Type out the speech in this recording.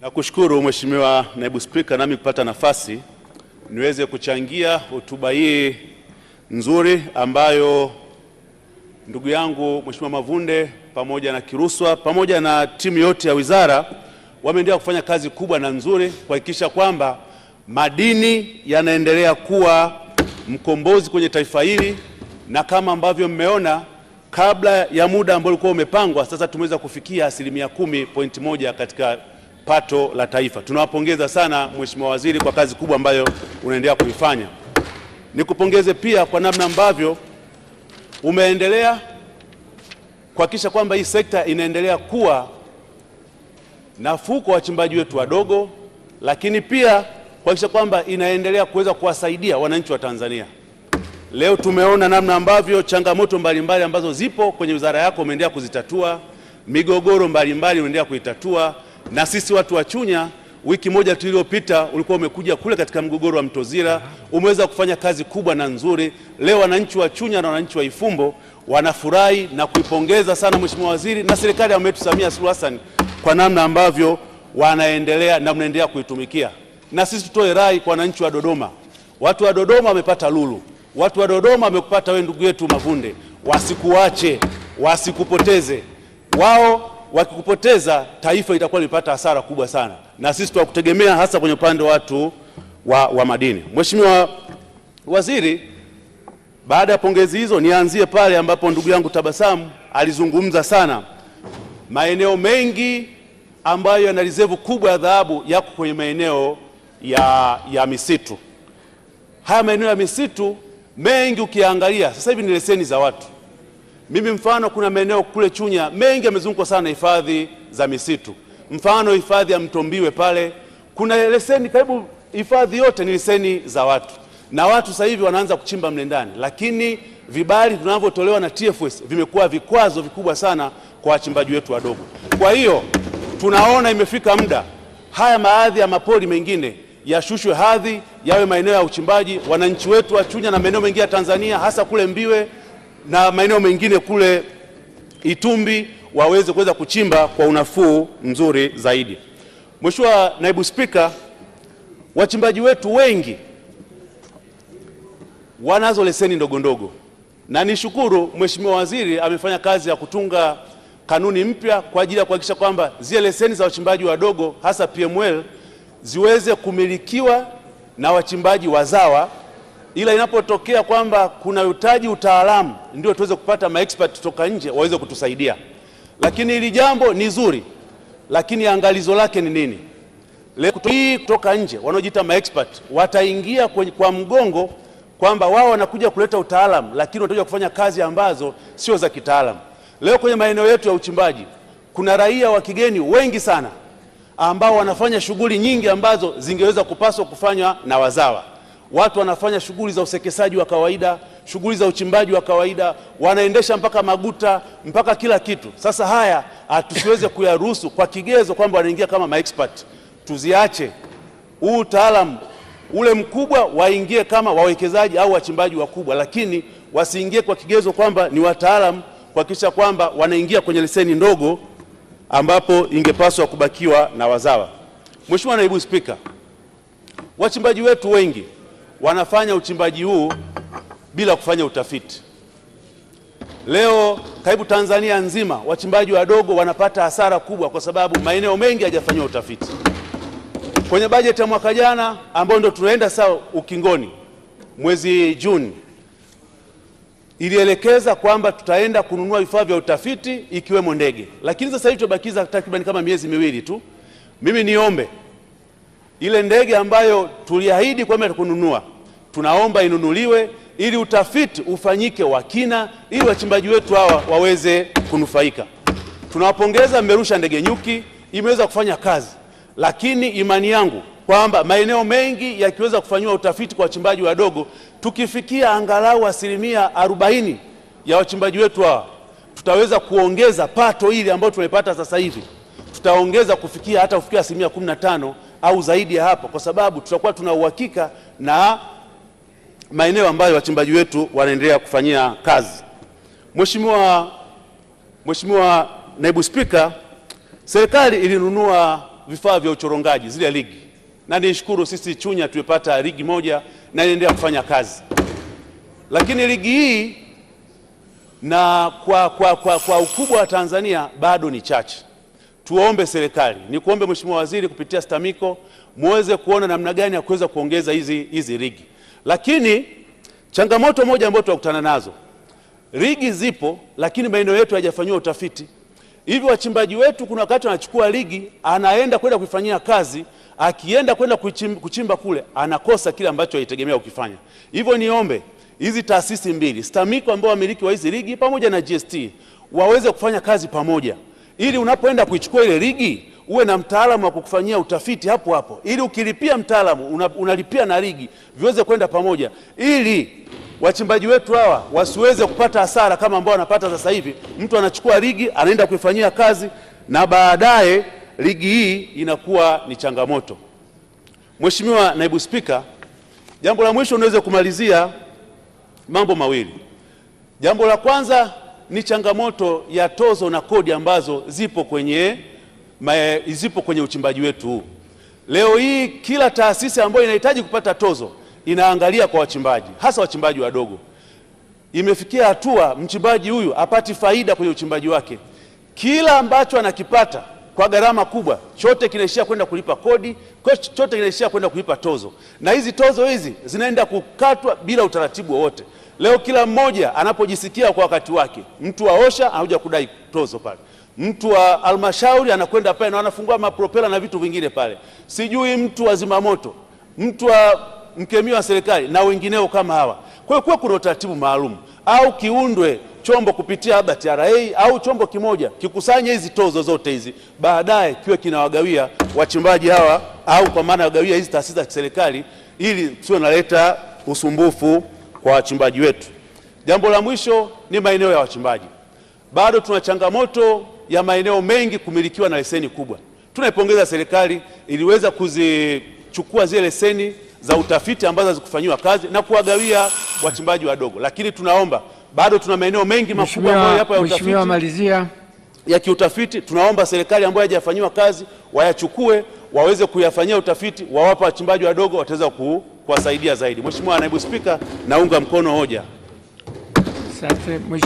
Nakushukuru Mheshimiwa Naibu Spika, nami kupata nafasi niweze kuchangia hotuba hii nzuri ambayo ndugu yangu Mheshimiwa Mavunde pamoja na Kiruswa pamoja na timu yote ya wizara wameendelea kufanya kazi kubwa na nzuri kuhakikisha kwamba madini yanaendelea kuwa mkombozi kwenye taifa hili, na kama ambavyo mmeona kabla ya muda ambao ulikuwa umepangwa, sasa tumeweza kufikia asilimia kumi point moja katika pato la taifa. Tunawapongeza sana Mheshimiwa Waziri kwa kazi kubwa ambayo unaendelea kuifanya. Nikupongeze pia kwa namna ambavyo umeendelea kuhakikisha kwamba hii sekta inaendelea kuwa na kwa wachimbaji wetu wadogo, lakini pia kuhakikisha kwamba inaendelea kuweza kuwasaidia wananchi wa Tanzania. Leo tumeona namna ambavyo changamoto mbalimbali mbali ambazo zipo kwenye wizara yako umeendelea kuzitatua, migogoro mbalimbali umeendelea kuitatua. Na sisi watu wa Chunya, wiki moja tu iliyopita ulikuwa umekuja kule katika mgogoro wa Mtozira, umeweza kufanya kazi kubwa na nzuri. Leo wananchi wa Chunya na wananchi wa Ifumbo wanafurahi na kuipongeza sana Mheshimiwa Waziri na serikali ya mama yetu Samia Suluhu Hassan kwa namna ambavyo wanaendelea na mnaendelea kuitumikia. Na sisi tutoe rai kwa wananchi wa Dodoma, watu wa Dodoma wamepata lulu, watu wa Dodoma wamekupata wewe ndugu yetu Mavunde, wasikuache wasikupoteze wao wakikupoteza taifa litakuwa limepata hasara kubwa sana, na sisi tunakutegemea hasa kwenye upande wa watu wa, wa madini. Mheshimiwa Waziri, baada ya pongezi hizo, nianzie pale ambapo ndugu yangu Tabasamu alizungumza sana. Maeneo mengi ambayo yana reserve kubwa ya dhahabu yako kwenye maeneo ya, ya misitu. Haya maeneo ya misitu mengi ukiangalia sasa hivi ni leseni za watu mimi mfano, kuna maeneo kule Chunya mengi yamezungukwa sana hifadhi za misitu, mfano hifadhi ya Mtombiwe pale kuna leseni, karibu hifadhi yote ni leseni za watu, na watu sasa hivi wanaanza kuchimba mle ndani, lakini vibali tunavyotolewa na TFS vimekuwa vikwazo vikubwa sana kwa wachimbaji wetu wadogo. Kwa hiyo tunaona imefika muda haya baadhi ya mapori mengine yashushwe hadhi, yawe maeneo ya uchimbaji. Wananchi wetu wa Chunya na maeneo mengine ya Tanzania, hasa kule Mbiwe na maeneo mengine kule Itumbi waweze kuweza kuchimba kwa unafuu mzuri zaidi. Mheshimiwa Naibu Spika, wachimbaji wetu wengi wanazo leseni ndogo ndogo, na nishukuru Mheshimiwa Waziri amefanya kazi ya kutunga kanuni mpya kwa ajili ya kuhakikisha kwamba zile leseni za wachimbaji wadogo hasa PML ziweze kumilikiwa na wachimbaji wazawa ila inapotokea kwamba kuna uhitaji utaalamu, ndio tuweze kupata maexpert kutoka nje waweze kutusaidia. Lakini hili jambo ni zuri, lakini angalizo lake ni nini? Leo hii kutoka nje wanaojiita maexpert wataingia kwa mgongo kwamba wao wanakuja kuleta utaalamu, lakini watakuja kufanya kazi ambazo sio za kitaalamu. Leo kwenye maeneo yetu ya uchimbaji kuna raia wa kigeni wengi sana ambao wanafanya shughuli nyingi ambazo zingeweza kupaswa kufanywa na wazawa. Watu wanafanya shughuli za usekesaji wa kawaida, shughuli za uchimbaji wa kawaida, wanaendesha mpaka maguta mpaka kila kitu. Sasa haya hatusiweze ah, kuyaruhusu kwa kigezo kwamba wanaingia kama maexpert. Tuziache huu utaalamu ule mkubwa, waingie kama wawekezaji au wachimbaji wakubwa, lakini wasiingie kwa kigezo kwamba ni wataalamu, kuhakikisha kwamba wanaingia kwenye leseni ndogo ambapo ingepaswa kubakiwa na wazawa. Mheshimiwa Naibu Spika, wachimbaji wetu wengi wanafanya uchimbaji huu bila kufanya utafiti. Leo karibu Tanzania nzima wachimbaji wadogo wanapata hasara kubwa, kwa sababu maeneo mengi hayajafanyiwa utafiti. Kwenye bajeti ya mwaka jana ambayo ndio tunaenda saa ukingoni mwezi Juni, ilielekeza kwamba tutaenda kununua vifaa vya utafiti ikiwemo ndege, lakini sasa hivi tumebakiza takriban kama miezi miwili tu. Mimi niombe ile ndege ambayo tuliahidi kwamba kununua tunaomba inunuliwe ili utafiti ufanyike wa kina ili wachimbaji wetu hawa waweze kunufaika. Tunawapongeza, mmerusha ndege nyuki, imeweza kufanya kazi, lakini imani yangu kwamba maeneo mengi yakiweza kufanyiwa utafiti kwa wachimbaji wadogo, tukifikia angalau asilimia arobaini ya wachimbaji wetu hawa, tutaweza kuongeza pato hili ambalo tumepata sasa hivi, tutaongeza kufikia hata kufikia asilimia kumi na tano au zaidi ya hapo, kwa sababu tutakuwa tuna uhakika na maeneo ambayo wachimbaji wetu wanaendelea kufanyia kazi. Mheshimiwa Mheshimiwa Naibu Spika, serikali ilinunua vifaa vya uchorongaji zile ligi, na nishukuru sisi Chunya tumepata ligi moja na inaendelea kufanya kazi, lakini ligi hii na kwa, kwa, kwa, kwa ukubwa wa Tanzania bado ni chache. Tuombe serikali, nikuombe Mheshimiwa Waziri kupitia STAMIKO muweze kuona namna gani ya kuweza kuongeza hizi hizi ligi. Lakini changamoto moja ambayo tunakutana nazo, ligi zipo, lakini maeneo yetu hayajafanyiwa utafiti. Hivyo wachimbaji wetu kuna wakati anachukua ligi anaenda kwenda kuifanyia kazi, akienda kwenda kuchimba, kuchimba kule anakosa kile ambacho alitegemea ukifanya. Hivyo niombe hizi taasisi mbili STAMIKO ambao wamiliki wa hizi ligi pamoja na GST waweze kufanya kazi pamoja, ili unapoenda kuichukua ile ligi uwe na mtaalamu wa kukufanyia utafiti hapo hapo, ili ukilipia mtaalamu una, unalipia na ligi viweze kwenda pamoja, ili wachimbaji wetu hawa wasiweze kupata hasara kama ambao wanapata sasa hivi. Mtu anachukua ligi anaenda kuifanyia kazi na baadaye ligi hii inakuwa ni changamoto. Mheshimiwa Naibu Spika, jambo la mwisho niweze kumalizia mambo mawili. Jambo la kwanza ni changamoto ya tozo na kodi ambazo zipo kwenye zipo kwenye uchimbaji wetu huu. Leo hii kila taasisi ambayo inahitaji kupata tozo inaangalia kwa wachimbaji, hasa wachimbaji wadogo. Imefikia hatua mchimbaji huyu apati faida kwenye uchimbaji wake, kila ambacho anakipata kwa gharama kubwa, chote kinaishia kwenda kulipa kodi, chote kinaishia kwenda kulipa tozo, na hizi tozo hizi zinaenda kukatwa bila utaratibu wowote. Leo kila mmoja anapojisikia kwa wakati wake, mtu aosha anakuja kudai tozo pale mtu wa halmashauri anakwenda pale na anafungua mapropela na vitu vingine pale, sijui mtu wa zimamoto, mtu wa mkemia wa serikali na wengineo kama hawa. Kwa hiyo kuwa kuna utaratibu maalum au kiundwe chombo kupitia labda TRA au chombo kimoja kikusanye hizi tozo zote hizi, baadaye kiwe kinawagawia wachimbaji hawa, au kwa maana wagawia hizi taasisi za kiserikali, ili sio naleta usumbufu kwa wachimbaji wetu. Jambo la mwisho ni maeneo ya wachimbaji. Bado tuna changamoto ya maeneo mengi kumilikiwa na leseni kubwa. Tunaipongeza serikali, iliweza kuzichukua zile leseni za utafiti ambazo hazikufanyiwa kazi na kuwagawia wachimbaji wadogo, lakini tunaomba bado tuna maeneo mengi makubwa ambayo hapa ya utafiti malizia ya kiutafiti, tunaomba serikali ambayo hajafanyiwa kazi wayachukue waweze kuyafanyia utafiti, wawapa wachimbaji wadogo, wataweza kuwasaidia zaidi. Mheshimiwa Naibu Spika, naunga mkono hoja. Asante.